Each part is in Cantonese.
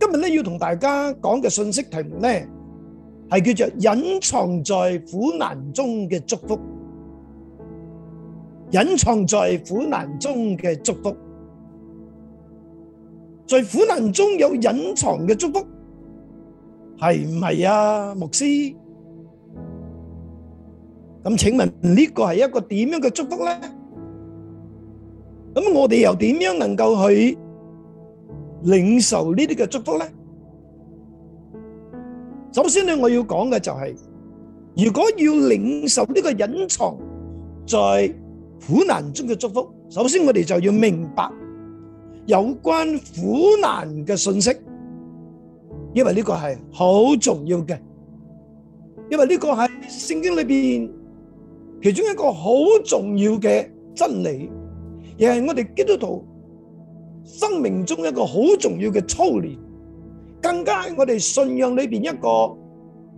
今日呢要同大家講嘅信息題目呢，係叫做隱藏在苦難中嘅祝福。隱藏在苦難中嘅祝福，在苦難中有隱藏嘅祝福，係唔係呀，牧師？咁請問呢個係一個點樣嘅祝福呢？咁我哋又點樣能夠去？領受呢啲嘅祝福咧，首先咧我要講嘅就係，如果要領受呢個隱藏在苦難中嘅祝福，首先我哋就要明白有關苦難嘅信息，因為呢個係好重要嘅，因為呢個係聖經裏邊其中一個好重要嘅真理，亦係我哋基督徒。生命中一個好重要嘅操練，更加係我哋信仰裏邊一個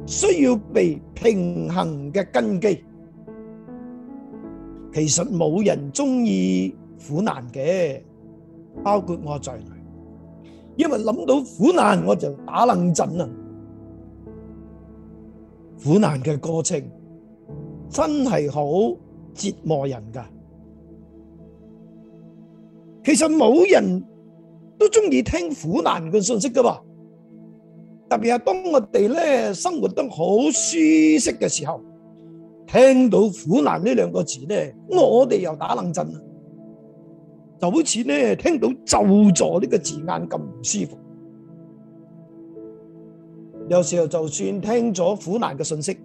需要被平衡嘅根基。其實冇人中意苦難嘅，包括我在內，因為諗到苦難我就打冷震啊。苦難嘅過程真係好折磨人噶。其實冇人都中意聽苦難嘅信息噶，特別係當我哋咧生活得好舒適嘅時候，聽到苦難呢兩個字咧，我哋又打冷震，就好似咧聽到就助呢個字眼咁唔舒服。有時候就算聽咗苦難嘅信息，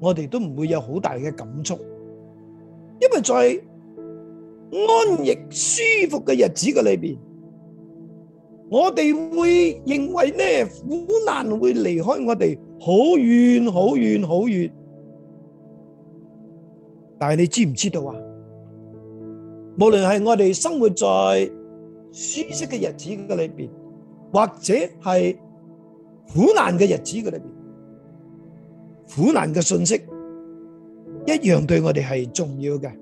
我哋都唔會有好大嘅感觸，因為在。安逸舒服嘅日子嘅裏邊，我哋會認為呢，苦難會離開我哋好遠好遠好遠。但係你知唔知道啊？無論係我哋生活在舒適嘅日子嘅裏邊，或者係苦難嘅日子嘅裏邊，苦難嘅信息一樣對我哋係重要嘅。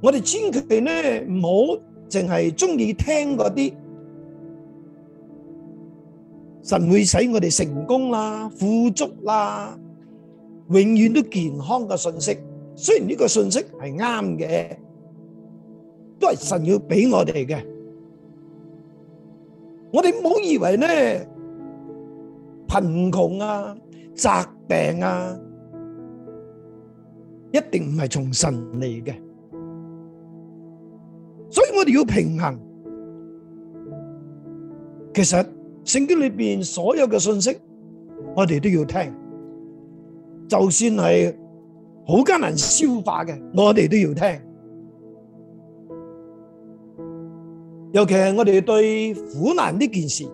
我哋千祈咧唔好淨係中意聽嗰啲神會使我哋成功啦、富足啦、永遠都健康嘅信息。雖然呢個信息係啱嘅，都係神要俾我哋嘅。我哋唔好以為咧貧窮啊、疾病啊，一定唔係從神嚟嘅。我哋要平衡，其實聖經裏邊所有嘅信息，我哋都要聽，就算係好艱難消化嘅，我哋都要聽。尤其係我哋對苦難呢件事，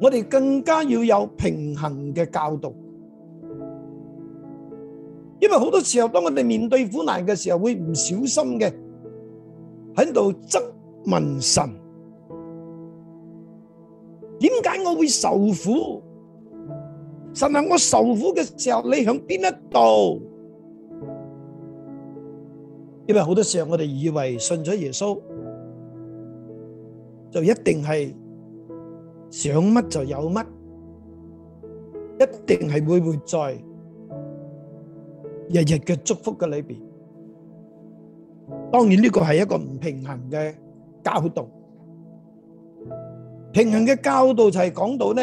我哋更加要有平衡嘅教導，因為好多時候當我哋面對苦難嘅時候，會唔小心嘅，喺度質問神，點解我會受苦？神喺我受苦嘅時候，你響邊一度？因為好多時候我哋以為信咗耶穌，就一定係想乜就有乜，一定係會活在日日嘅祝福嘅裏邊。當然呢個係一個唔平衡嘅教導。平衡嘅教導就係講到呢，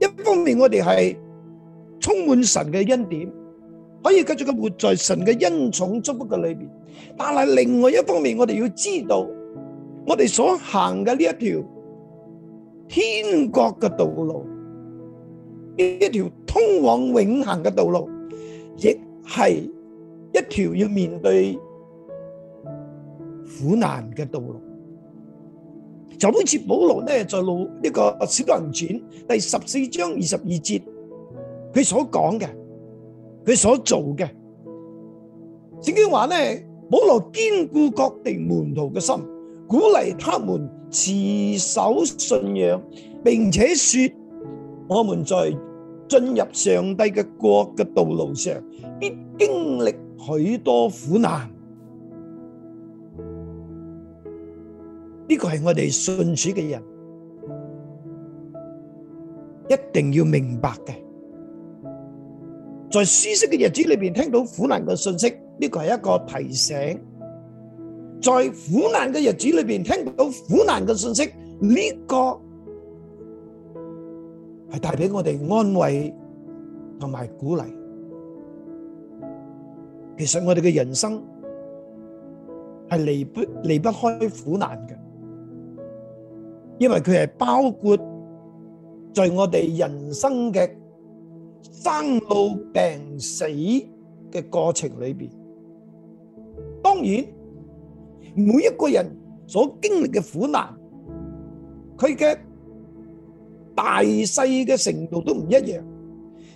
一方面我哋係充滿神嘅恩典，可以繼續咁活在神嘅恩寵祝福嘅裏邊。但係另外一方面，我哋要知道，我哋所行嘅呢一條天國嘅道路，呢一條通往永恒嘅道路，亦係一條要面對。苦難嘅道路，就好似保羅呢，在路呢個使徒行傳第十四章二十二節，佢所講嘅，佢所做嘅，聖經話呢，保羅堅固各地門徒嘅心，鼓勵他們持守信仰，並且說，我們在進入上帝嘅國嘅道路上，必經歷許多苦難。呢個係我哋信主嘅人一定要明白嘅，在舒適嘅日子裏邊聽到苦難嘅信息，呢個係一個提醒；在苦難嘅日子裏邊聽到苦難嘅信息，呢個係帶俾我哋安慰同埋鼓勵。其實我哋嘅人生係離不離不開苦難嘅。因為佢係包括在我哋人生嘅生老病死嘅過程裏邊。當然，每一個人所經歷嘅苦難，佢嘅大細嘅程度都唔一樣，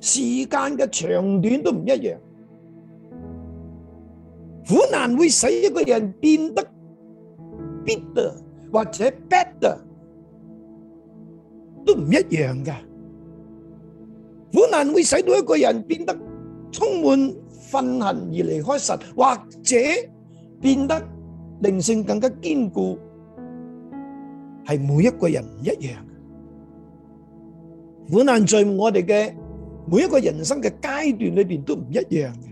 時間嘅長短都唔一樣。苦難會使一個人變得 bitter 或者 better。都唔一樣嘅，苦難會使到一個人變得充滿憤恨而離開神，或者變得靈性更加堅固，係每一個人唔一樣嘅。苦難在我哋嘅每一個人生嘅階段裡面都唔一樣嘅。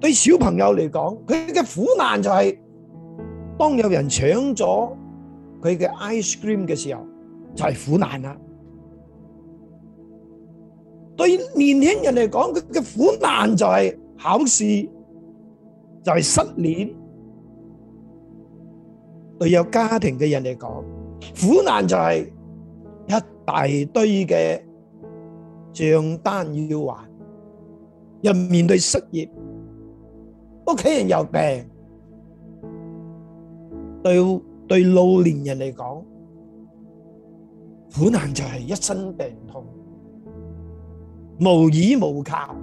對小朋友嚟講，佢嘅苦難就係當有人搶咗。佢嘅 ice cream 嘅時候就係苦難啦。對年輕人嚟講，佢嘅苦難就係考試，就係失戀。對有家庭嘅人嚟講，苦難就係一大堆嘅賬單要還，又面對失業，屋企人又病，對。對老年人嚟講，苦難就係一身病痛，無依無靠，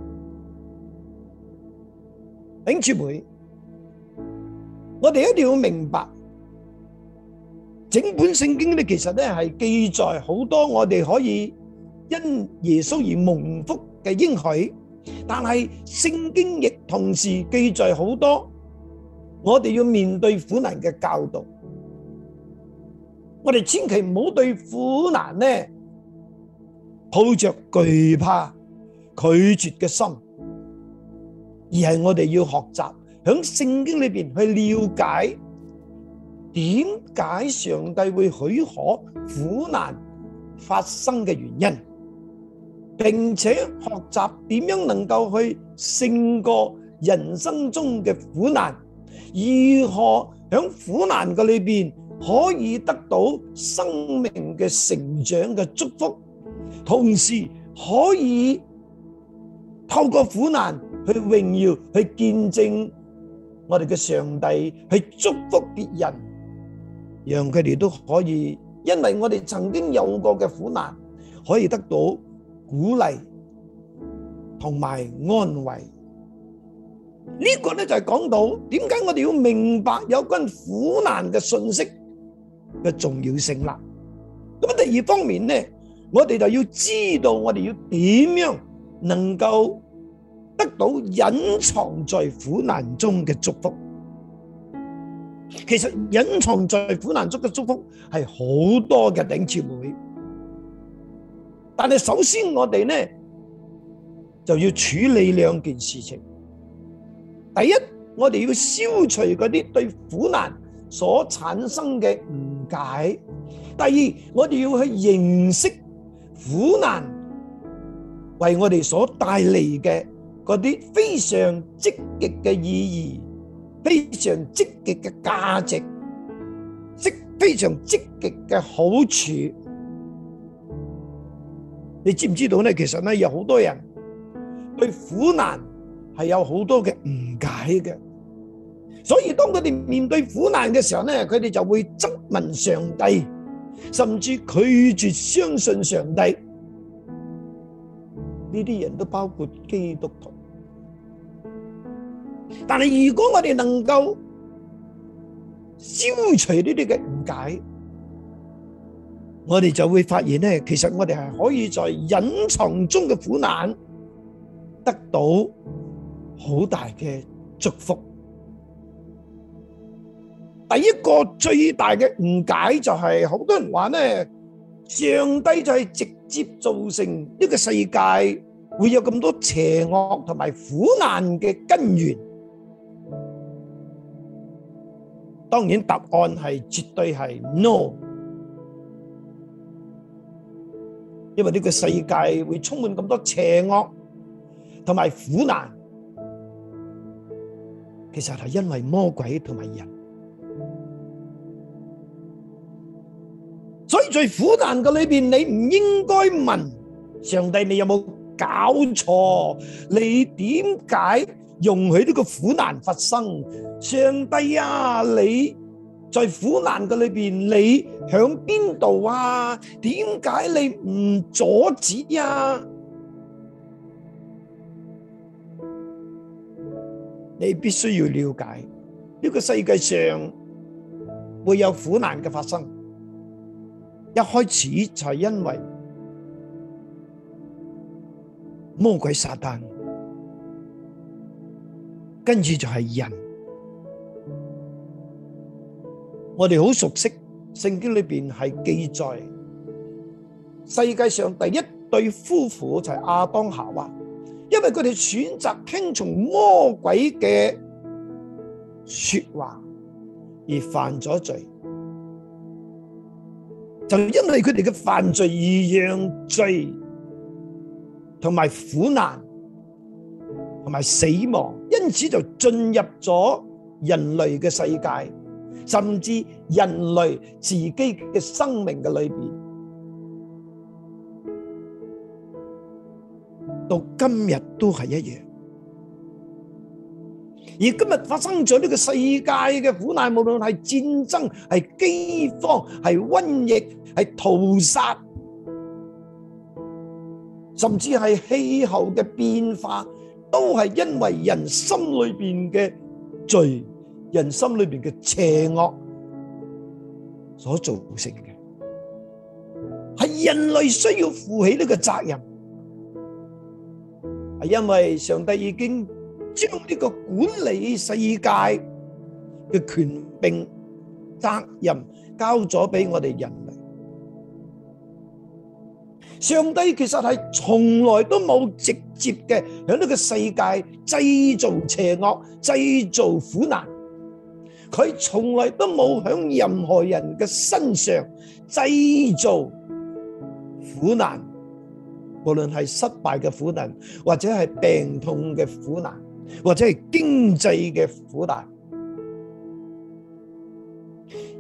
頂住佢。我哋一定要明白，整本聖經咧，其實咧係記載好多我哋可以因耶穌而蒙福嘅應許，但係聖經亦同時記載好多我哋要面對苦難嘅教導。我哋千祈唔好對苦難呢，抱着懼怕、拒絕嘅心，而係我哋要學習，響聖經裏邊去了解點解上帝會許可苦難發生嘅原因，並且學習點樣能夠去勝過人生中嘅苦難，如何響苦難嘅裏邊。可以得到生命嘅成長嘅祝福，同時可以透過苦難去榮耀、去見證我哋嘅上帝，去祝福別人，讓佢哋都可以，因為我哋曾經有過嘅苦難，可以得到鼓勵同埋安慰。呢個咧就係講到點解我哋要明白有關苦難嘅信息，嘅重要性啦。咁第二方面呢，我哋就要知道我哋要點樣能夠得到隱藏在苦難中嘅祝福。其實隱藏在苦難中嘅祝福係好多嘅頂住會，但係首先我哋呢就要處理兩件事情。第一，我哋要消除嗰啲對苦難所產生嘅唔解。第二，我哋要去認識苦難為我哋所帶嚟嘅嗰啲非常積極嘅意義，非常積極嘅價值，即非常積極嘅好處。你知唔知道呢？其實呢有好多人對苦難係有好多嘅誤解嘅。所以當佢哋面對苦難嘅時候咧，佢哋就會質問上帝，甚至拒絕相信上帝。呢啲人都包括基督徒。但係如果我哋能夠消除呢啲嘅誤解，我哋就會發現咧，其實我哋係可以在隱藏中嘅苦難得到好大嘅祝福。第一個最大嘅誤解就係好多人話呢，上帝就係直接造成呢個世界會有咁多邪惡同埋苦難嘅根源。當然答案係絕對係 No，因為呢個世界會充滿咁多邪惡同埋苦難，其實係因為魔鬼同埋人。所以在苦難嘅裏邊，你唔應該問上帝，你有冇搞錯，你點解容許呢個苦難發生？上帝啊，你在苦難嘅裏邊，你響邊度啊？點解你唔阻止啊？你必須要了解呢個世界上會有苦難嘅發生。一開始就係因為魔鬼撒旦，跟住就係人。我哋好熟悉聖經裏邊係記載，世界上第一對夫婦就係亞當夏娃，因為佢哋選擇聽從魔鬼嘅說話而犯咗罪。就因為佢哋嘅犯罪而讓罪同埋苦難同埋死亡，因此就進入咗人類嘅世界，甚至人類自己嘅生命嘅裏邊，到今日都係一樣。而今日發生咗呢個世界嘅苦難，無論係戰爭、係饑荒、係瘟疫、係屠殺，甚至係氣候嘅變化，都係因為人心裏邊嘅罪、人心裏邊嘅邪惡所造成嘅。係人類需要負起呢個責任，係因為上帝已經將呢個管理世界嘅權柄、責任交咗俾我哋人類。上帝其實係從來都冇直接嘅喺呢個世界製造邪惡、製造苦難。佢從來都冇響任何人嘅身上製造苦難，無論係失敗嘅苦難，或者係病痛嘅苦難。或者係經濟嘅苦難，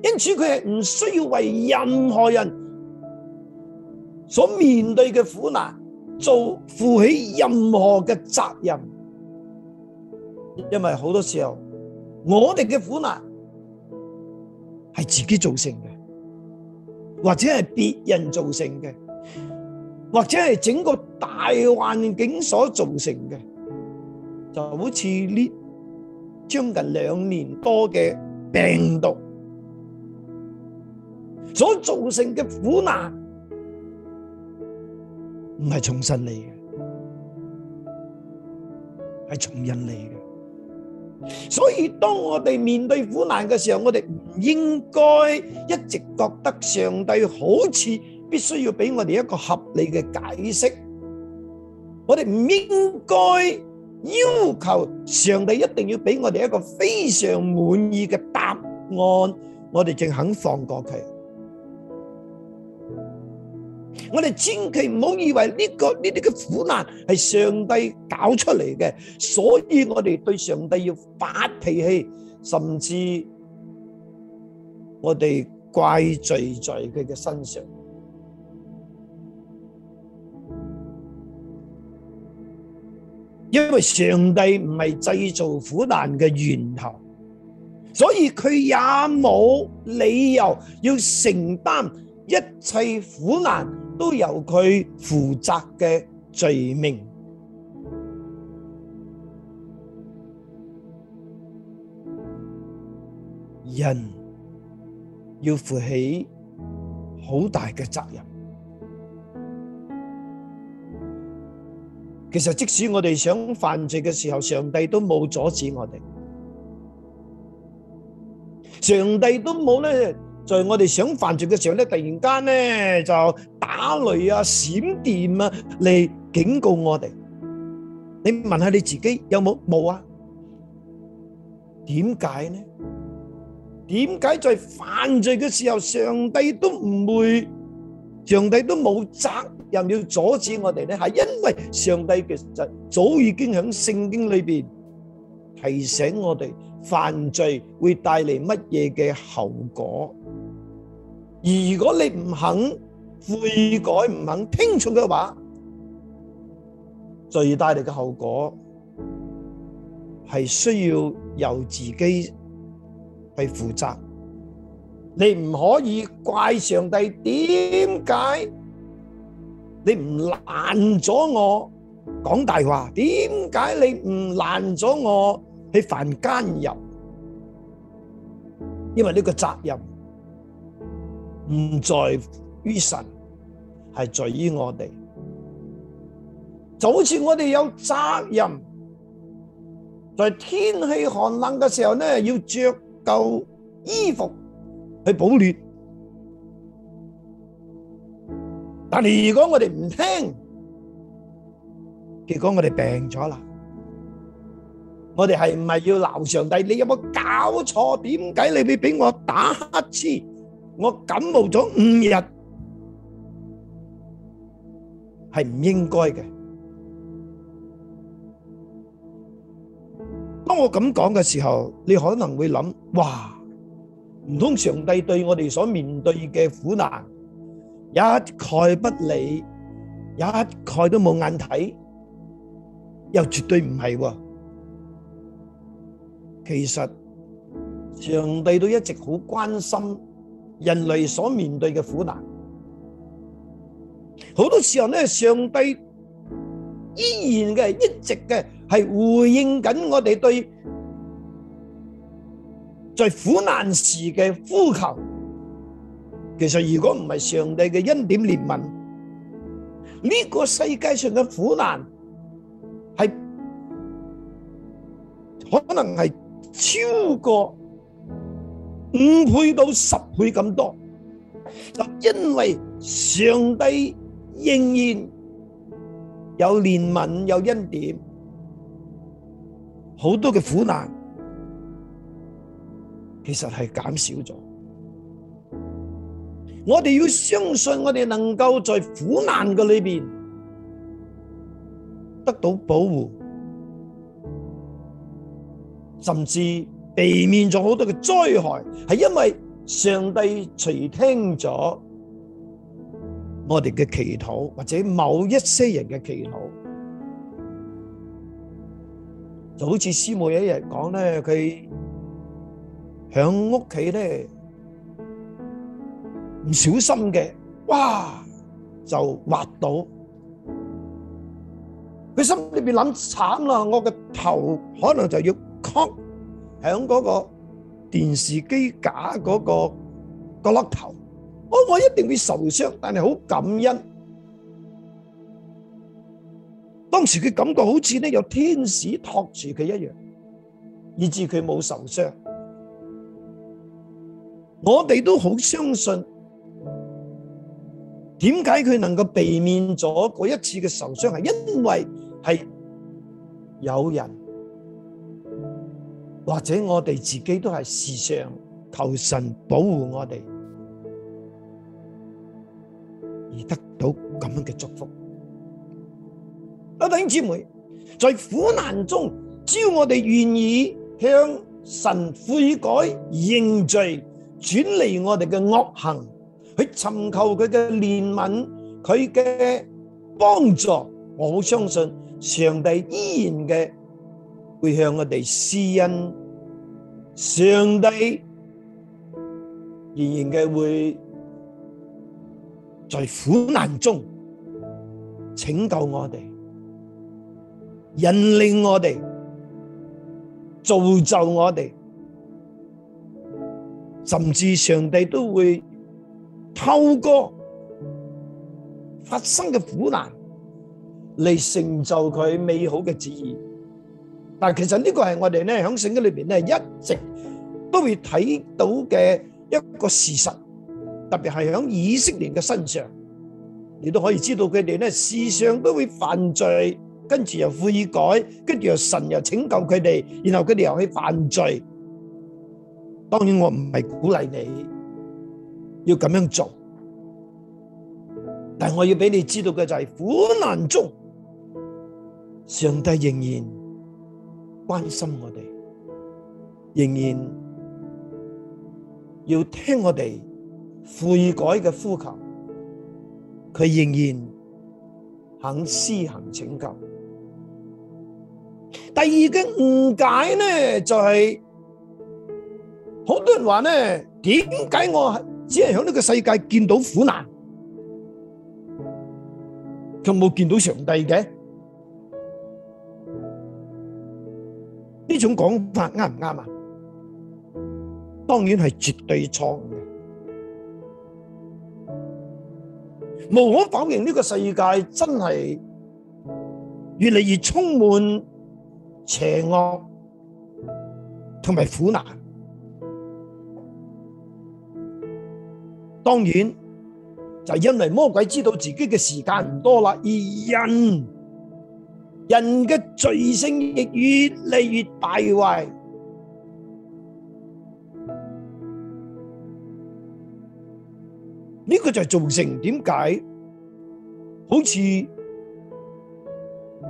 因此佢係唔需要為任何人所面對嘅苦難做負起任何嘅責任，因為好多時候我哋嘅苦難係自己造成嘅，或者係別人造成嘅，或者係整個大環境所造成嘅。就好似呢將近兩年多嘅病毒所造成嘅苦難，唔係從神嚟嘅，係從人嚟嘅。所以當我哋面對苦難嘅時候，我哋唔應該一直覺得上帝好似必須要俾我哋一個合理嘅解釋，我哋唔應該。要求上帝一定要俾我哋一個非常滿意嘅答案，我哋正肯放過佢。我哋千祈唔好以為呢個呢啲嘅苦難係上帝搞出嚟嘅，所以我哋對上帝要發脾氣，甚至我哋怪罪在佢嘅身上。因為上帝唔係製造苦難嘅源頭，所以佢也冇理由要承擔一切苦難都由佢負責嘅罪名。人要負起好大嘅責任。其實即使我哋想犯罪嘅時候，上帝都冇阻止我哋。上帝都冇咧，在我哋想犯罪嘅時候咧，突然間咧就打雷啊、閃電啊嚟警告我哋。你問下你自己有冇冇啊？點解呢？點解在犯罪嘅時候，上帝都唔會，上帝都冇責。又要阻止我哋呢，係因為上帝其實早已經喺聖經裏邊提醒我哋，犯罪會帶嚟乜嘢嘅後果。如果你唔肯悔改，唔肯聽從嘅話，最帶嚟嘅後果係需要由自己去負責。你唔可以怪上帝點解。你唔攔咗我講大話，點解你唔攔咗我去犯姦淫？因為呢個責任唔在於神，係在於我哋。就好似我哋有責任，在、就是、天氣寒冷嘅時候呢，要着夠衣服去保暖。但係如果我哋唔聽，結果我哋病咗啦。我哋係唔係要鬧上帝？你有冇搞錯？點解你俾俾我打乞嗤？我感冒咗五日，係唔應該嘅。當我咁講嘅時候，你可能會諗：「哇，唔通上帝對我哋所面對嘅苦難？一概不理，一概都冇眼睇，又絕對唔係喎。其實上帝都一直好關心人類所面對嘅苦難，好多時候呢，上帝依然嘅，一直嘅係回應緊我哋對在苦難時嘅呼求。其實如果唔係上帝嘅恩典憐憫，呢個世界上嘅苦難係可能係超過五倍到十倍咁多，就因為上帝仍然有憐憫有恩典，好多嘅苦難其實係減少咗。我哋要相信，我哋能夠在苦難嘅裏邊得到保護，甚至避免咗好多嘅災害，係因為上帝垂聽咗我哋嘅祈禱，或者某一些人嘅祈禱，就好似師母有一日講咧，佢響屋企咧。唔小心嘅，哇！就滑到。佢心裏邊諗慘啦，我嘅頭可能就要磕響嗰個電視機架嗰個角落頭，我我一定會受傷，但係好感恩。當時佢感覺好似咧有天使托住佢一樣，以至佢冇受傷。我哋都好相信。點解佢能夠避免咗嗰一次嘅受傷？係因為係有人，或者我哋自己都係時常求神保護我哋，而得到咁樣嘅祝福。阿弟兄姊妹，在苦難中，只要我哋願意向神悔改認罪，轉離我哋嘅惡行。去尋求佢嘅憐憫，佢嘅幫助，我好相信上帝依然嘅會向我哋施恩，上帝仍然嘅會在苦難中拯救我哋，引領我哋，造就我哋，甚至上帝都會。透過發生嘅苦難嚟成就佢美好嘅旨意，但係其實呢個係我哋咧響聖經裏邊咧一直都會睇到嘅一個事實，特別係響以色列嘅身上，你都可以知道佢哋咧時常都會犯罪，跟住又悔改，跟住又神又拯救佢哋，然後佢哋又去犯罪。當然我唔係鼓勵你。要咁樣做，但我要俾你知道嘅就係苦難中，上帝仍然關心我哋，仍然要聽我哋悔改嘅呼求，佢仍然肯施行拯救。第二個誤解呢，就係、是、好多人話呢，點解我只係喺呢個世界見到苦難，就冇見到上帝嘅，呢種講法啱唔啱啊？當然係絕對錯嘅，無可否認呢個世界真係越嚟越充滿邪惡同埋苦難。當然，就是，因為魔鬼知道自己嘅時間唔多啦，而人人嘅罪性亦越嚟越敗壞，呢、呢個就係造成點解，好似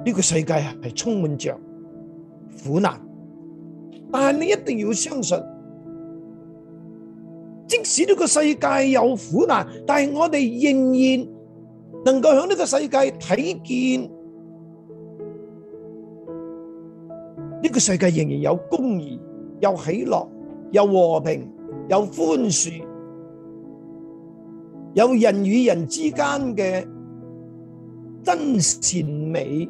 呢個世界係充滿着苦難，但係你一定要相信。即使呢個世界有苦難，但係我哋仍然能夠喺呢個世界睇見呢個世界仍然有公義、有喜樂、有和平、有寬恕、有人與人之間嘅真善美。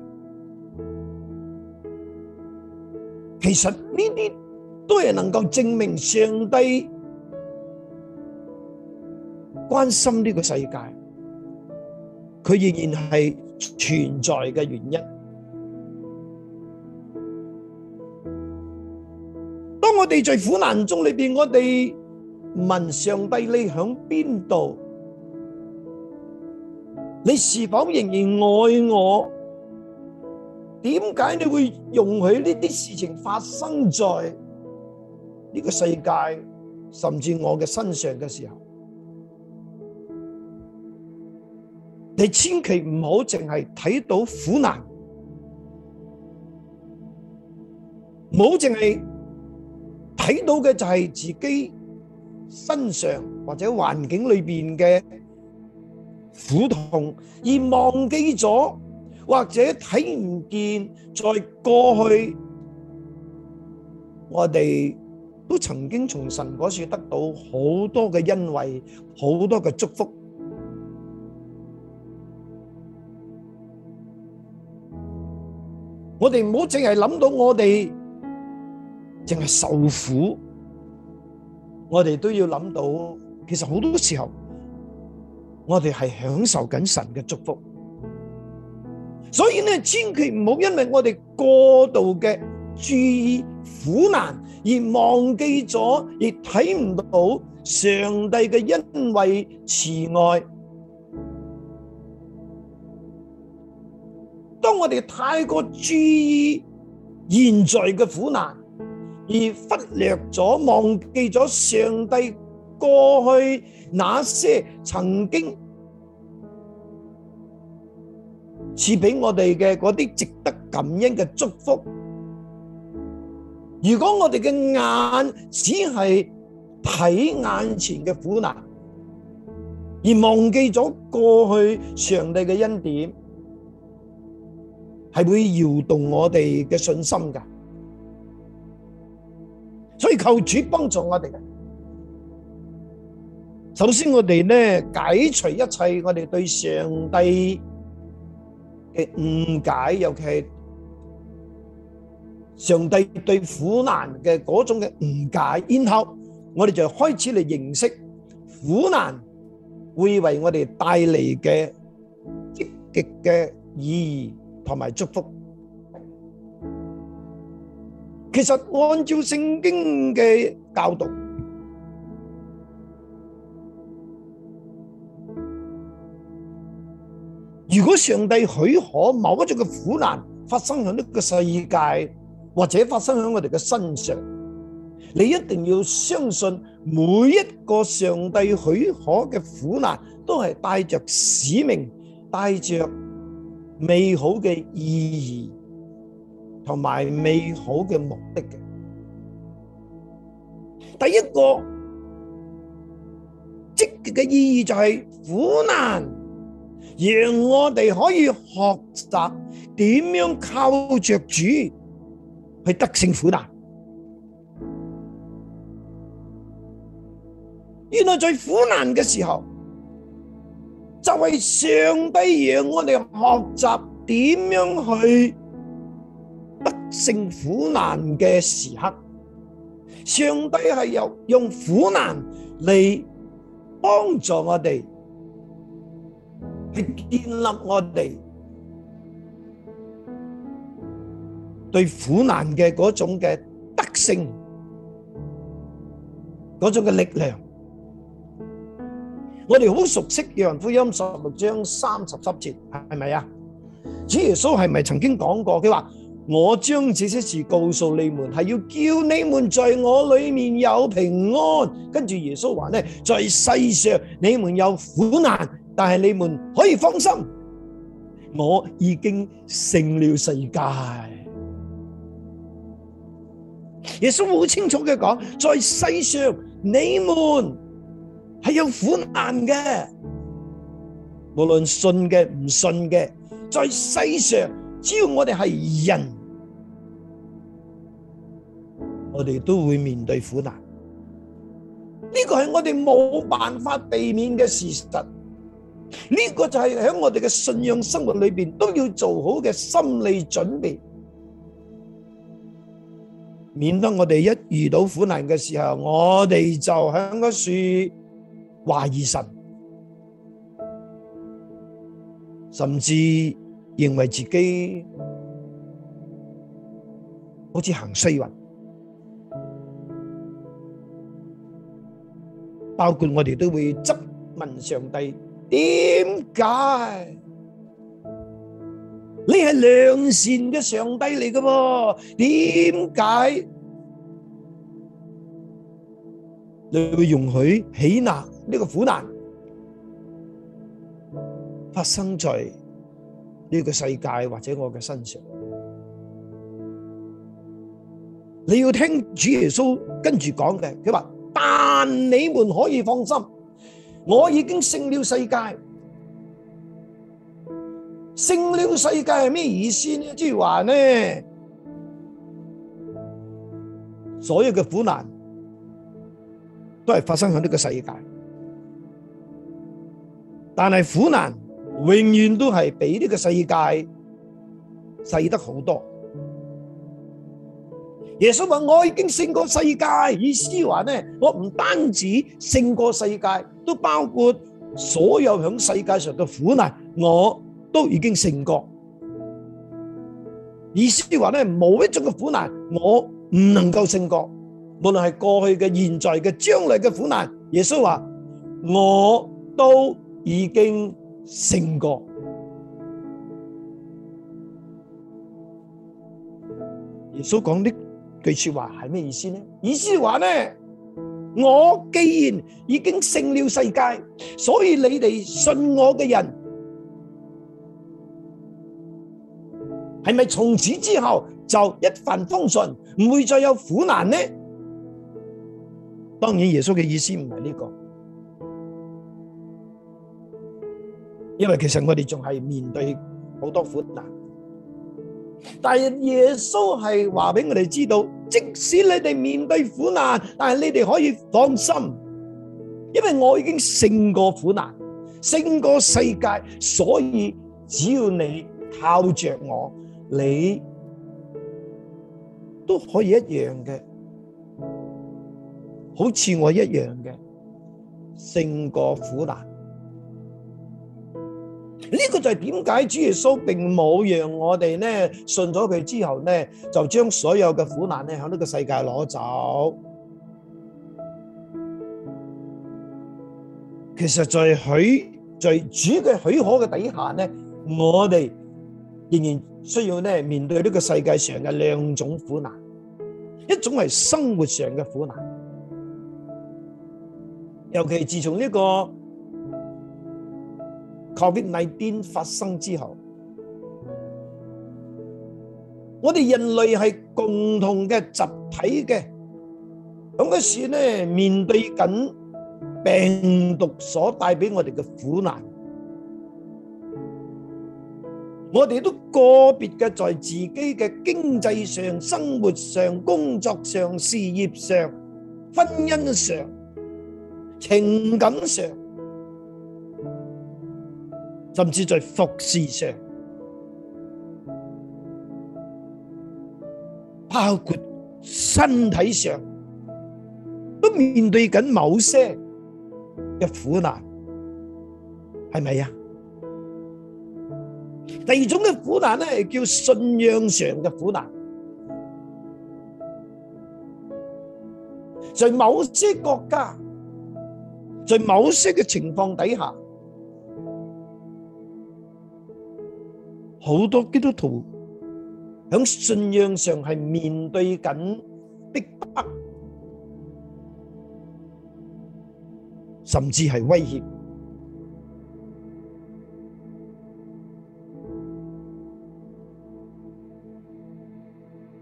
其實呢啲都係能夠證明上帝，關心呢個世界，佢仍然係存在嘅原因。當我哋在苦難中裏面，我哋問上帝：你響邊度？你是否仍然愛我？點解你會容許呢啲事情發生在呢個世界，甚至我嘅身上嘅時候？你千祈唔好淨係睇到苦難，唔好淨係睇到嘅就係自己身上或者環境裏邊嘅苦痛，而忘記咗或者睇唔見，再過去我哋都曾經從神嗰處得到好多嘅恩惠，好多嘅祝福。我哋唔好淨係諗到我哋淨係受苦，我哋都要諗到，其實好多時候我哋係享受緊神嘅祝福，所以咧千祈唔好因為我哋過度嘅注意苦難而忘記咗，亦睇唔到上帝嘅恩惠慈愛。當我哋太過注意現在嘅苦難，而忽略咗、忘記咗上帝過去那些曾經賜俾我哋嘅嗰啲值得感恩嘅祝福。如果我哋嘅眼只係睇眼前嘅苦難，而忘記咗過去上帝嘅恩典。係會搖動我哋嘅信心㗎，所以求主幫助我哋。首先，我哋呢解除一切我哋對上帝嘅誤解，尤其係上帝對苦難嘅嗰種嘅誤解。然後，我哋就開始嚟認識苦難會為我哋帶嚟嘅積極嘅意義。同埋祝福，其實按照聖經嘅教導，如果上帝許可某一種嘅苦難發生喺呢個世界，或者發生喺我哋嘅身上，你一定要相信每一個上帝許可嘅苦難都係帶着使命，帶着。美好嘅意義同埋美好嘅目的嘅，第一個積極嘅意義就係苦難，讓我哋可以學習點樣靠着主去得勝苦難。原來最苦難嘅時候。就係上帝讓我哋學習點樣去得勝苦難嘅時刻，上帝係有用苦難嚟幫助我哋，係建立我哋對苦難嘅嗰種嘅得勝，嗰種嘅力量。我哋好熟悉《約翰福音》十六章三十七節，係咪啊？主耶穌係咪曾經講過？佢話：我將這些事告訴你們，係要叫你們在我裏面有平安。跟住耶穌話呢，在世上你們有苦難，但係你們可以放心，我已經勝了世界。耶穌好清楚嘅講：在世上你們。係有苦難嘅，無論信嘅唔信嘅，在世上，只要我哋係人，我哋都會面對苦難。呢個係我哋冇辦法避免嘅事實。呢個就係喺我哋嘅信仰生活裏邊都要做好嘅心理準備，免得我哋一遇到苦難嘅時候，我哋就喺個樹懷疑神，甚至認為自己好似行衰運，包括我哋都會質問上帝：點解你係良善嘅上帝嚟㗎？點解？你會容許起納呢個苦難發生在呢個世界或者我嘅身上？你要聽主耶穌跟住講嘅，佢話：但你們可以放心，我已經勝了世界。勝了世界係咩意思呢？即係話呢，所有嘅苦難。都係發生喺呢個世界，但係苦難永遠都係比呢個世界細得好多。耶穌話：我已經勝過世界，意思話呢，我唔單止勝過世界，都包括所有響世界上嘅苦難，我都已經勝過。意思話呢，冇一種嘅苦難，我唔能夠勝過。無論係過去嘅、現在嘅、將來嘅苦難，耶穌話我都已經勝過。耶穌講呢句說話係咩意思呢？意思話呢，我既然已經勝了世界，所以你哋信我嘅人，係咪從此之後就一帆風順，唔會再有苦難呢？當然耶穌嘅意思唔係呢個，因為其實我哋仲係面對好多苦難，但係耶穌係話俾我哋知道，即使你哋面對苦難，但係你哋可以放心，因為我已經勝過苦難，勝過世界，所以只要你靠着我，你都可以一樣嘅。好似我一樣嘅勝過苦難，呢個就係點解主耶穌並冇讓我哋呢信咗佢之後呢就將所有嘅苦難呢向呢個世界攞走。其實在，在許在主嘅許可嘅底下呢，我哋仍然需要呢面對呢個世界上嘅兩種苦難，一種係生活上嘅苦難。尤其自從呢個 COVID-19 發生之後，我哋人類係共同嘅集體嘅，咁嘅時咧面對緊病毒所帶俾我哋嘅苦難，我哋都個別嘅在自己嘅經濟上、生活上、工作上、事業上、婚姻上。情感上，甚至在服侍上，包括身體上，都面對緊某些嘅苦難，係咪啊？第二種嘅苦難咧，係叫信仰上嘅苦難，在、就是、某些國家。在某些嘅情況底下，好多基督徒喺信仰上係面對緊逼迫，甚至係威脅。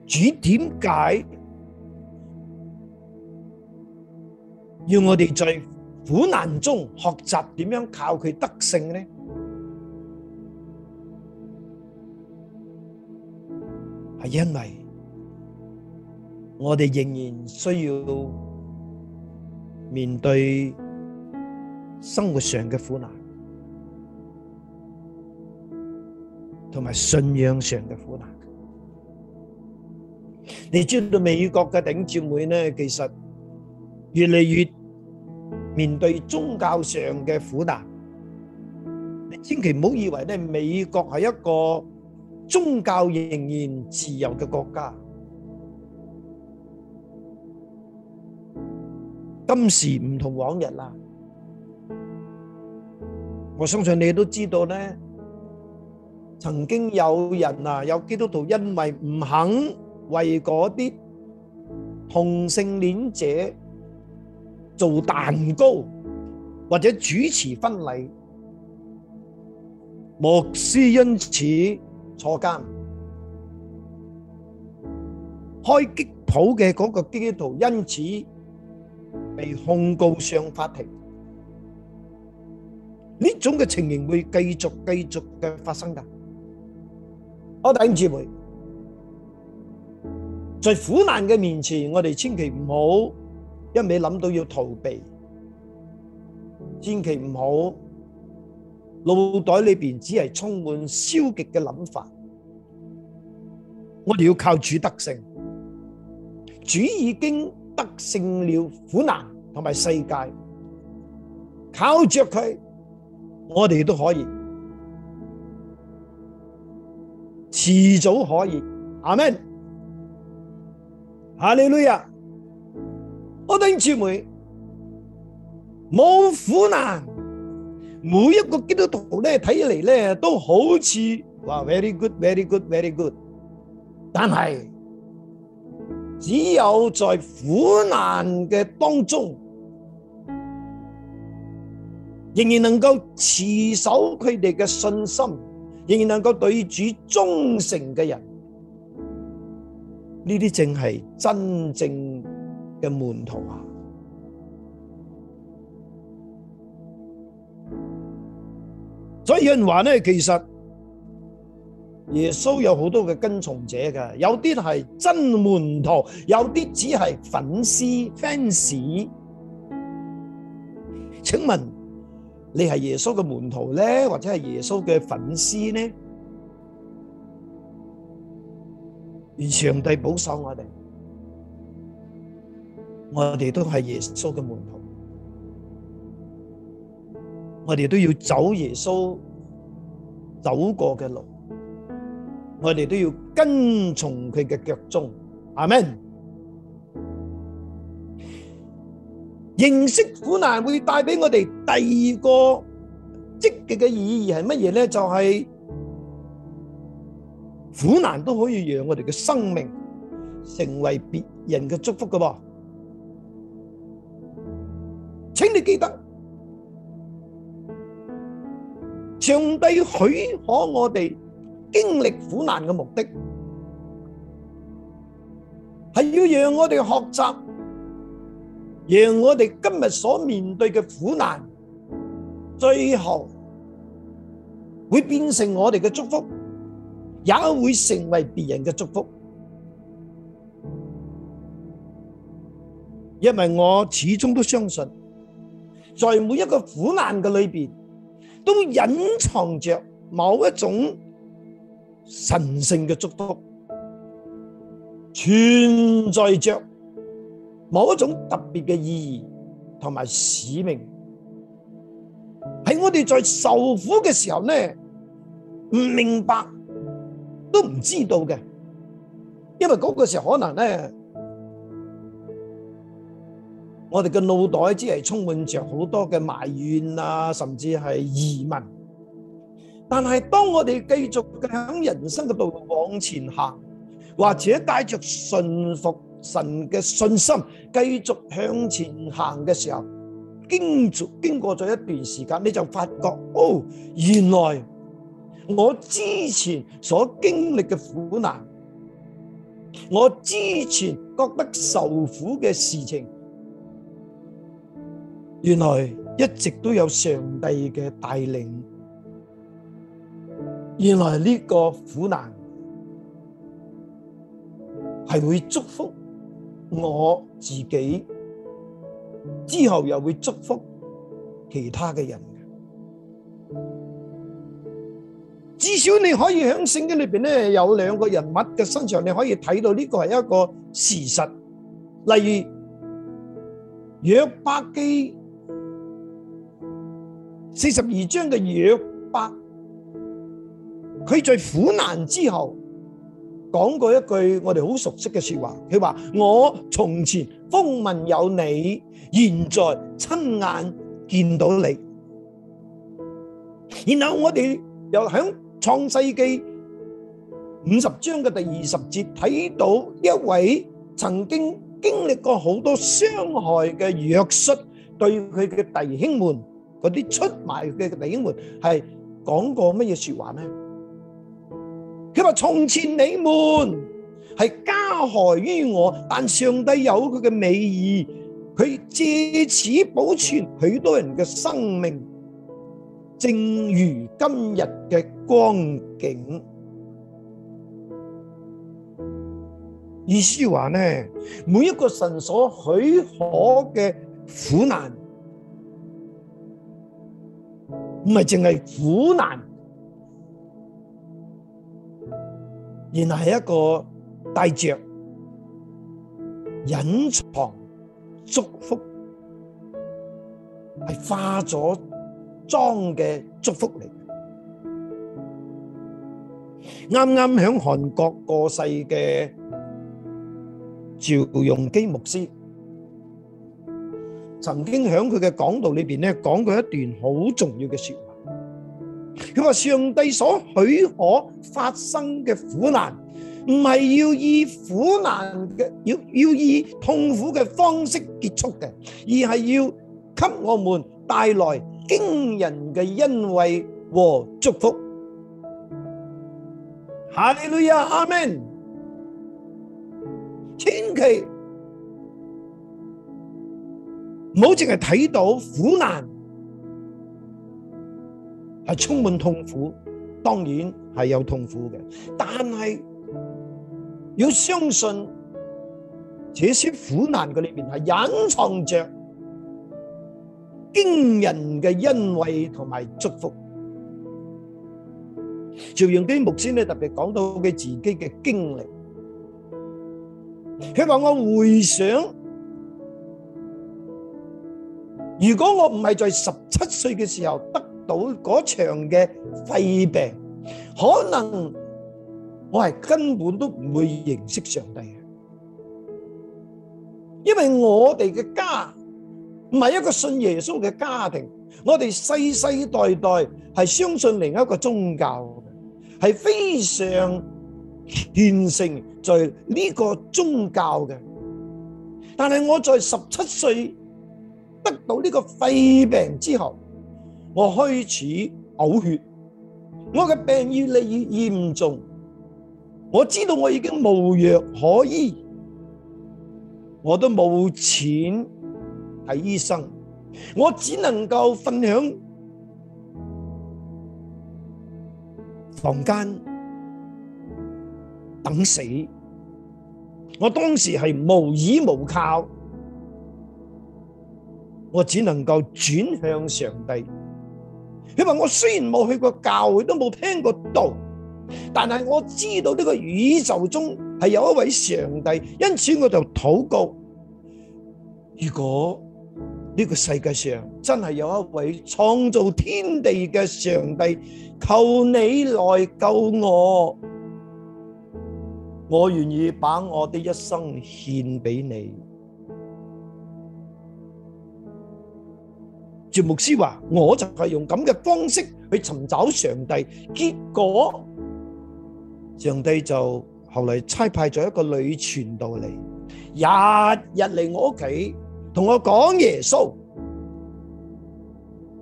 主點解要我哋再苦難中學習點樣靠佢得勝呢？係因為我哋仍然需要面對生活上嘅苦難，同埋信仰上嘅苦難。你知道美國嘅頂尖妹呢，其實越嚟越...面對宗教上嘅苦難，你千祈唔好以為咧美國係一個宗教仍然自由嘅國家。今時唔同往日啦，我相信你都知道咧，曾經有人啊，有基督徒因為唔肯為嗰啲同性戀者。做蛋糕或者主持婚禮，牧師因此坐監，開吉普嘅嗰個基督徒因此被控告上法庭，呢種嘅情形會繼續繼續嘅發生㗎。好，弟兄姊妹，在苦難嘅面前，我哋千祈唔好。一味諗到要逃避，千祈唔好，腦袋裏邊只係充滿消極嘅諗法。我哋要靠主得勝，主已經得勝了苦難同埋世界，靠着佢，我哋都可以，遲早可以，阿們，哈利路亞！我頂住冇苦難，每一個基督徒咧睇起嚟咧都好似話 very good very good very good，但係只有在苦難嘅當中，仍然能夠持守佢哋嘅信心，仍然能夠對主忠誠嘅人，呢啲正係真正。嘅門徒啊，所以有人話咧，其實耶穌有好多嘅跟從者噶，有啲係真門徒有，有啲只係粉絲 fans。絲請問你係耶穌嘅門徒呢，或者係耶穌嘅粉絲呢？願上帝保守我哋。我哋都係耶穌嘅門徒，我哋都要走耶穌走過嘅路，我哋都要跟從佢嘅腳蹤。阿門。認識苦難會帶俾我哋第二個積極嘅意義係乜嘢呢？就係、是、苦難都可以讓我哋嘅生命成為別人嘅祝福噶喎。請你記得，上帝許可我哋經歷苦難嘅目的，係要讓我哋學習，讓我哋今日所面對嘅苦難，最後會變成我哋嘅祝福，也會成為別人嘅祝福。因為我始終都相信。在每一個苦難嘅裏邊，都隱藏着某一種神聖嘅祝福，存在着某一種特別嘅意義同埋使命，喺我哋在受苦嘅時候呢，唔明白，都唔知道嘅，因為嗰個時候可能呢。我哋嘅腦袋只係充滿着好多嘅埋怨啊，甚至係疑問。但係當我哋繼續向人生嘅道路往前行，或者帶着信服神嘅信心繼續向前行嘅時候，經，經過咗一段時間，你就發覺哦，原來我之前所經歷嘅苦難，我之前覺得受苦嘅事情。原來一直都有上帝嘅帶領，原來呢個苦難係會祝福我自己，之後又會祝福其他嘅人。至少你可以喺聖經裏邊咧，有兩個人物嘅身上你可以睇到呢個係一個事實，例如約伯記。四十二章嘅約伯，佢在苦難之後講過一句我哋好熟悉嘅說話，佢話：我從前風聞有你，現在親眼見到你。然後我哋又喺創世紀五十章嘅第二十節睇到一位曾經經歷過好多傷害嘅約瑟，對佢嘅弟兄們。嗰啲出賣嘅你們係講過乜嘢說話呢？佢話從前你們係加害於我，但上帝有佢嘅美意，佢借此保存許多人嘅生命，正如今日嘅光景。意思話呢，每一個神所許可嘅苦難。唔係淨係苦難，而係一個帶著隱藏祝福，係化咗妝嘅祝福嚟。啱啱喺韓國過世嘅趙容基牧師。曾經喺佢嘅講道裏邊咧講過一段好重要嘅說話，佢話上帝所許可發生嘅苦難，唔係要以苦難嘅要要以痛苦嘅方式結束嘅，而係要給我們帶來驚人嘅恩惠和祝福。哈利路亞，阿門，千祈，唔好淨係睇到苦難、係充滿痛苦，當然係有痛苦嘅。但係要相信，這些苦難嘅裏邊係隱藏着驚人嘅恩惠同埋祝福。趙鏞基牧師咧，特別講到佢自己嘅經歷，希望我回想。如果我唔係在十七歲嘅時候得到嗰場嘅肺病，可能我係根本都唔會認識上帝嘅，因為我哋嘅家唔係一個信耶穌嘅家庭，我哋世世代代係相信另一個宗教嘅，係非常虔誠在呢個宗教嘅，但係我在十七歲。得到呢個肺病之後，我開始嘔血，我嘅病越嚟越嚴重，我知道我已經無藥可醫，我都冇錢睇醫生，我只能夠瞓響房間等死，我當時係無依無靠。我只能夠轉向上帝。因為我雖然冇去過教會，都冇聽過道，但係我知道呢個宇宙中係有一位上帝，因此我就禱告。如果呢個世界上真係有一位創造天地嘅上帝，求你來救我，我願意把我的一生獻俾你。傳牧師話：我就係用咁嘅方式去尋找上帝，結果上帝就後來差派咗一個女傳道嚟，日日嚟我屋企同我講耶穌。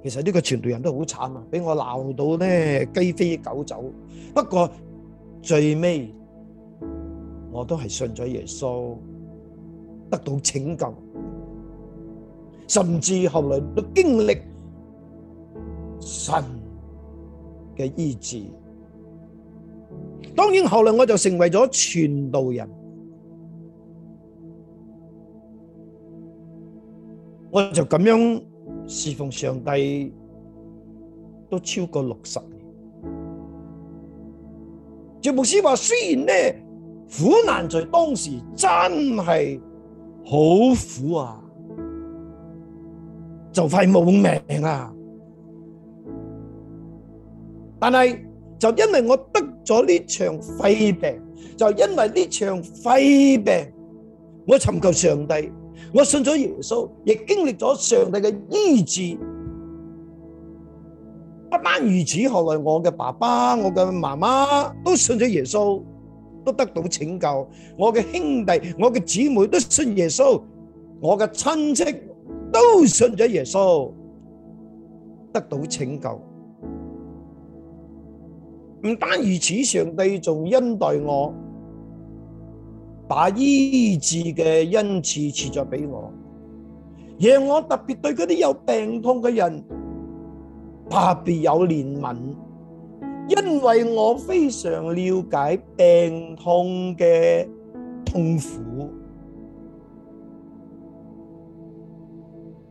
其實呢個傳道人都好慘啊，俾我鬧到呢雞飛狗走。不過最尾我都係信咗耶穌，得到拯救。甚至後來都經歷神嘅醫治，當然後來我就成為咗傳道人，我就咁樣侍奉上帝都超過六十年。趙牧師話：雖然呢苦難在當時真係好苦啊！就快冇命啦！但係就因為我得咗呢場肺病，就因為呢場肺病，我尋求上帝，我信咗耶穌，亦經歷咗上帝嘅醫治。不單如此，後來我嘅爸爸、我嘅媽媽都信咗耶穌，都得到拯救。我嘅兄弟、我嘅姊妹都信耶穌，我嘅親戚。都信咗耶穌，得到拯救。唔單如此，上帝仲恩待我，把醫治嘅恩賜賜咗俾我，讓我特別對嗰啲有病痛嘅人特別有憐憫，因為我非常了解病痛嘅痛苦。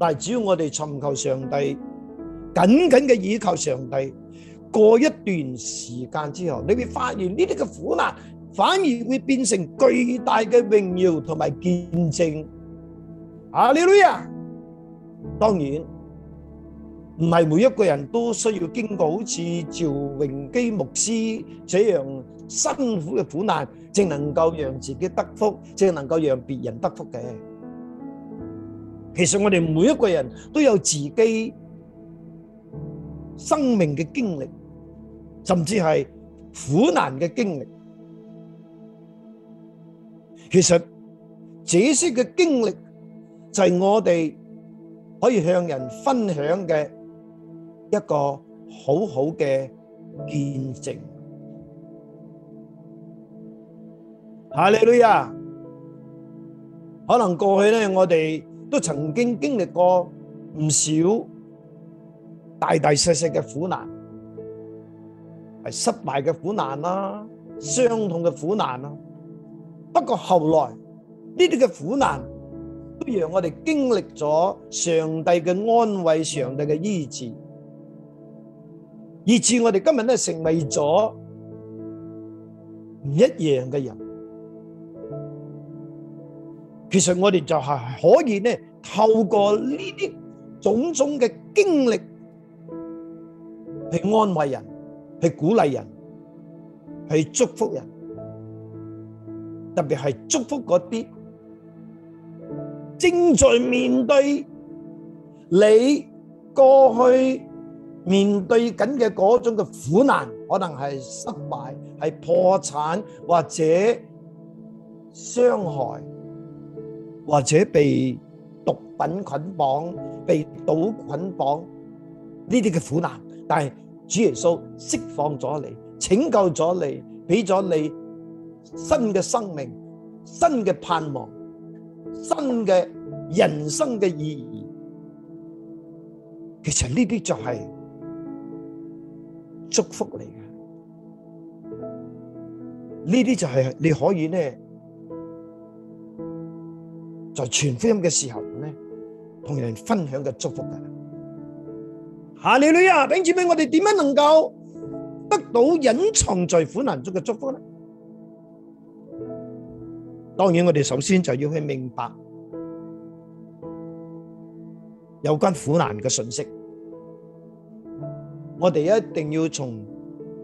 但係只要我哋尋求上帝，緊緊嘅倚靠上帝，過一段時間之後，你會發現呢啲嘅苦難反而會變成巨大嘅榮耀同埋見證。啊，你女啊，當然唔係每一個人都需要經過好似趙榮基牧師這樣辛苦嘅苦難，正能夠讓自己得福，正能夠讓別人得福嘅。其實我哋每一個人都有自己生命嘅經歷，甚至係苦難嘅經歷。其實這些嘅經歷就係我哋可以向人分享嘅一個好好嘅見證。哈利路亞，可能過去咧，我哋。都曾經經歷過唔少大大細細嘅苦難，係失敗嘅苦難啦，傷痛嘅苦難啦。不過後來呢啲嘅苦難都讓我哋經歷咗上帝嘅安慰、上帝嘅醫治，以至我哋今日咧成為咗唔一樣嘅人。其實我哋就係可以咧，透過呢啲種種嘅經歷，去安慰人，去鼓勵人，去祝福人，特別係祝福嗰啲正在面對你過去面對緊嘅嗰種嘅苦難，可能係失敗、係破產或者傷害。或者被毒品捆綁、被賭捆綁呢啲嘅苦難，但係主耶穌釋放咗你，拯救咗你，俾咗你新嘅生命、新嘅盼望、新嘅人生嘅意義。其實呢啲就係祝福嚟嘅，呢啲就係你可以呢。在傳福音嘅時候咧，同人分享嘅祝福嘅。哈！你女啊，弟兄姊妹，我哋點樣能夠得到隱藏在苦難中嘅祝福咧？當然，我哋首先就要去明白有關苦難嘅信息。我哋一定要從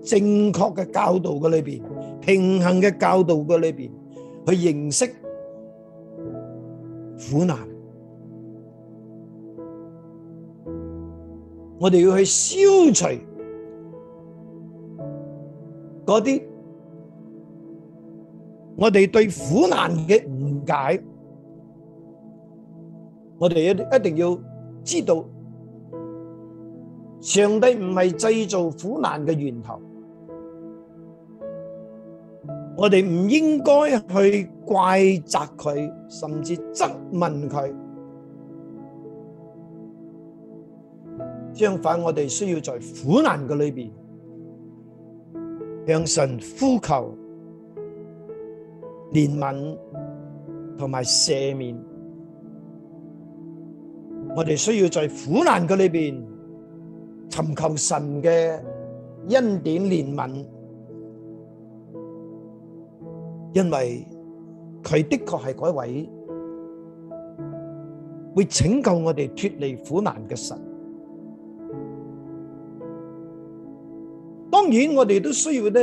正確嘅教導嗰裏邊、平衡嘅教導嗰裏邊去認識。苦難，我哋要去消除嗰啲我哋對苦難嘅誤解，我哋一一定要知道，上帝唔係製造苦難嘅源頭。我哋唔應該去怪責佢，甚至質問佢。相反，我哋需要在苦難嘅裏邊向神呼求憐憫同埋赦免。我哋需要在苦難嘅裏邊尋求神嘅恩典、憐憫。因為佢的確係嗰位會拯救我哋脫離苦難嘅神。當然，我哋都需要呢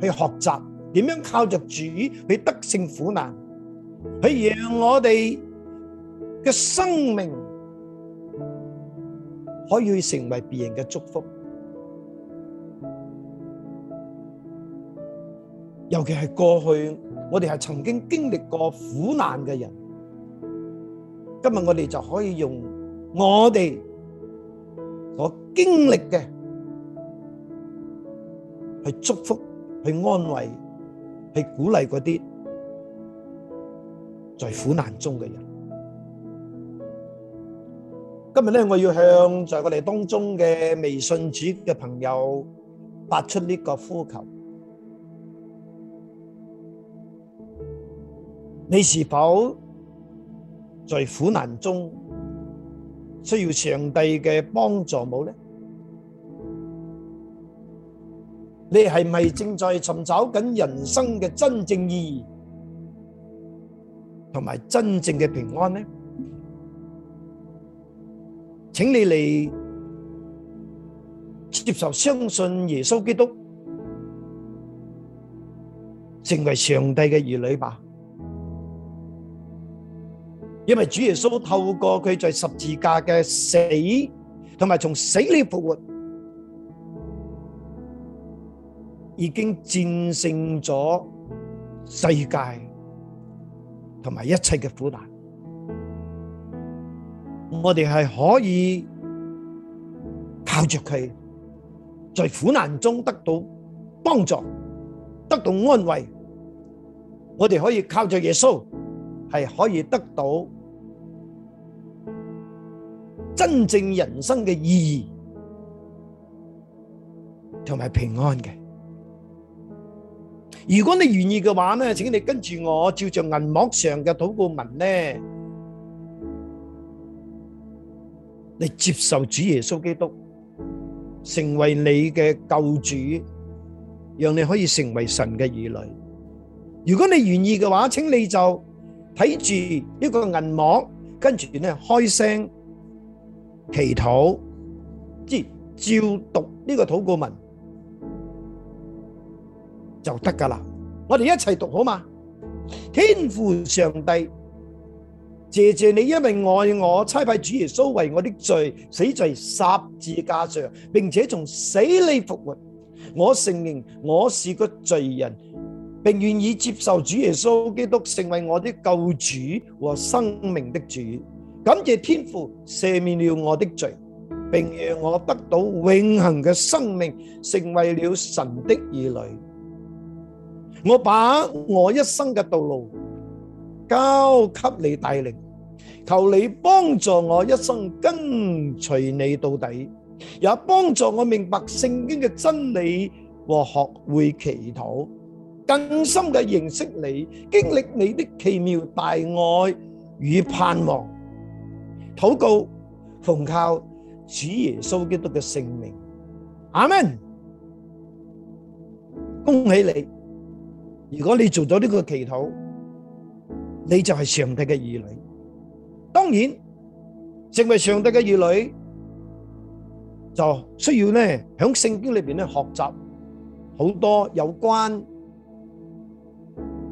去學習點樣靠着主去得勝苦難，去讓我哋嘅生命可以成為別人嘅祝福。尤其係過去，我哋係曾經經歷過苦難嘅人，今日我哋就可以用我哋所經歷嘅去祝福、去安慰、去鼓勵嗰啲在苦難中嘅人。今日咧，我要向在我哋當中嘅未信主嘅朋友發出呢個呼求。你是否在苦難中需要上帝嘅幫助冇呢？你係咪正在尋找緊人生嘅真正意義同埋真正嘅平安呢？請你嚟接受相信耶穌基督，成為上帝嘅兒女吧。因為主耶穌透過佢在十字架嘅死，同埋從死裏復活，已經戰勝咗世界同埋一切嘅苦難。我哋係可以靠着佢，在苦難中得到幫助，得到安慰。我哋可以靠着耶穌。係可以得到真正人生嘅意義同埋平安嘅。如果你願意嘅話呢，請你跟住我，照着銀幕上嘅禱告文呢，你接受主耶穌基督，成為你嘅救主，讓你可以成為神嘅兒女。如果你願意嘅話，請你就。睇住呢個銀幕，跟住咧開聲祈禱，即係照讀呢個禱告文就得噶啦。我哋一齊讀好嘛？天父上帝，謝謝你，因為愛我，差派主耶穌為我的罪死在十字架上，並且從死裏復活。我承認我係個罪人。並願意接受主耶穌基督成為我的救主和生命的主，感謝天父赦免了我的罪，並讓我得到永恒嘅生命，成為了神的兒女。我把我一生嘅道路交給你帶領，求你幫助我一生跟隨你到底，也幫助我明白聖經嘅真理和學會祈禱。更深嘅認識你，經歷你的奇妙大愛與盼望，禱告奉靠主耶穌基督嘅聖名，阿門。恭喜你！如果你做咗呢個祈禱，你就係上帝嘅兒女。當然，成為上帝嘅兒女，就需要咧喺聖經裏邊咧學習好多有關。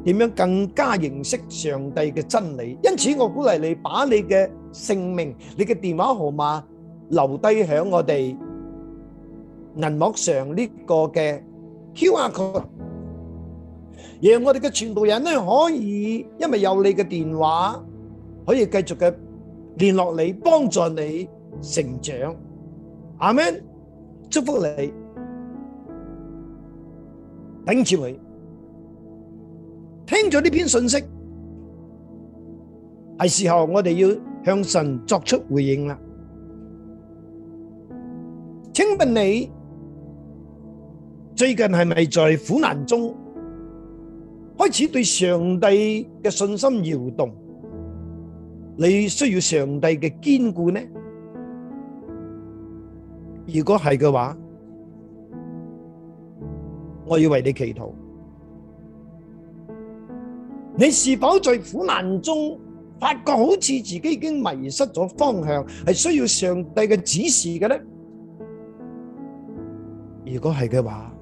點樣更加認識上帝嘅真理？因此，我鼓勵你把你嘅姓名、你嘅電話號碼留低響我哋銀幕上呢個嘅 Q R code，讓我哋嘅全部人呢可以，因為有你嘅電話，可以繼續嘅聯絡你，幫助你成長。阿門！祝福你，頂住佢。聽咗呢篇信息，係時候我哋要向神作出回應啦。請問你最近係咪在苦難中，開始對上帝嘅信心搖動？你需要上帝嘅堅固呢？如果係嘅話，我要為你祈禱。你是否在苦難中發覺好似自己已經迷失咗方向，係需要上帝嘅指示嘅咧？如果係嘅話，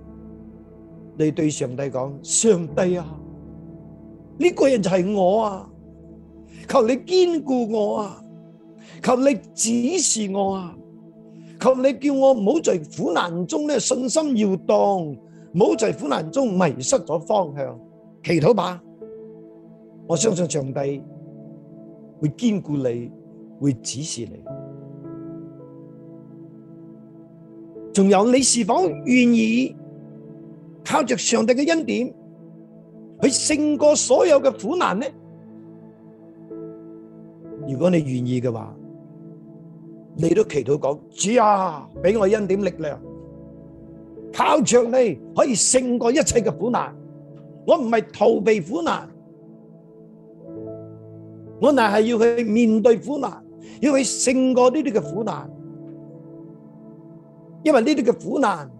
你對上帝講：上帝啊，呢、這個人就係我啊，求你堅固我啊，求你指示我啊，求你叫我唔好在苦難中咧信心搖動，唔好在苦難中迷失咗方向，祈禱吧。我相信上帝會堅固你，會指示你。仲有你是否願意靠着上帝嘅恩典去勝過所有嘅苦難呢？如果你願意嘅話，你都祈禱講：主啊，俾我恩典力量，靠着你可以勝過一切嘅苦難。我唔係逃避苦難。我難係要去面對苦難，要去勝過呢啲嘅苦難，因為呢啲嘅苦難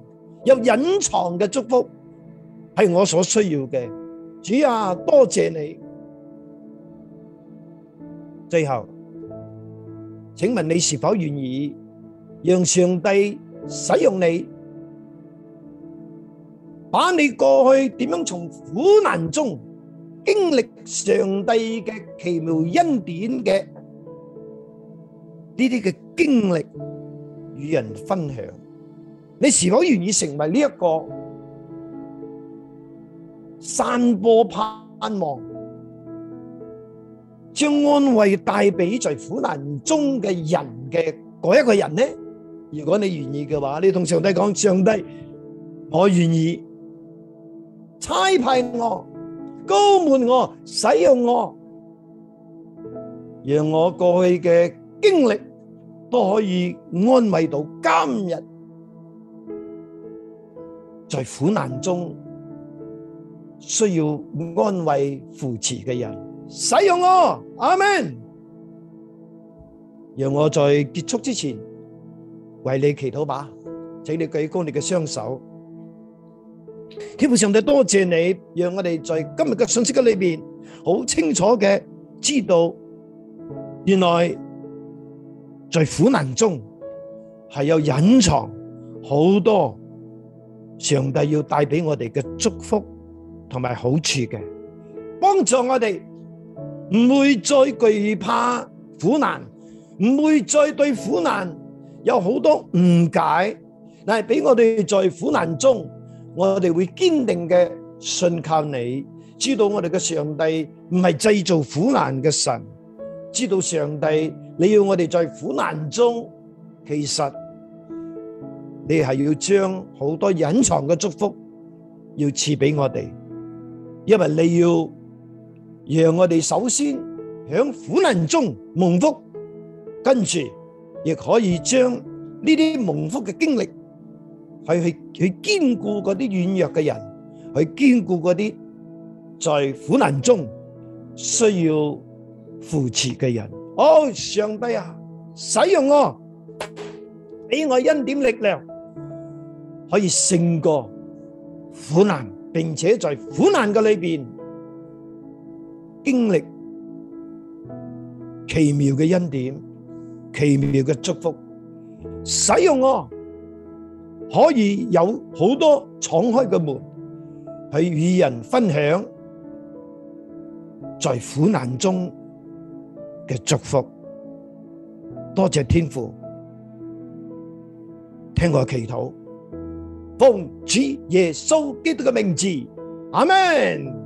有隱藏嘅祝福，係我所需要嘅。主啊，多謝你。最後，請問你是否願意讓上帝使用你，把你過去點樣從苦難中，經歷上帝嘅奇妙恩典嘅呢啲嘅經歷與人分享，你是否願意成為呢、這、一個散播盼望、將安慰帶俾在苦難中嘅人嘅嗰一個人呢？如果你願意嘅話，你同上帝講：上帝，我願意差派我。充滿我，使用我，讓我過去嘅經歷都可以安慰到今日在苦難中需要安慰扶持嘅人。使用我，阿門。讓我在結束之前為你祈禱吧，請你舉高你嘅雙手。基本上，就多謝你，讓我哋在今日嘅信息嘅裏邊，好清楚嘅知道，原來在苦難中係有隱藏好多上帝要帶俾我哋嘅祝福同埋好處嘅，幫助我哋唔會再懼怕苦難，唔會再對苦難有好多誤解，但係，俾我哋在苦難中。我哋會堅定嘅信靠你，知道我哋嘅上帝唔係製造苦難嘅神，知道上帝你要我哋在苦難中，其實你係要將好多隱藏嘅祝福要賜俾我哋，因為你要讓我哋首先響苦難中蒙福，跟住亦可以將呢啲蒙福嘅經歷。去去去堅固嗰啲軟弱嘅人，去堅固嗰啲在苦難中需要扶持嘅人。哦，上帝啊，使用我，俾我恩典力量，可以勝過苦難，並且在苦難嘅裏邊經歷奇妙嘅恩典、奇妙嘅祝福。使用我。可以有好多敞開嘅門，去與人分享，在苦難中嘅祝福。多謝天父，聽我祈禱，奉主耶穌基督嘅名字，阿門。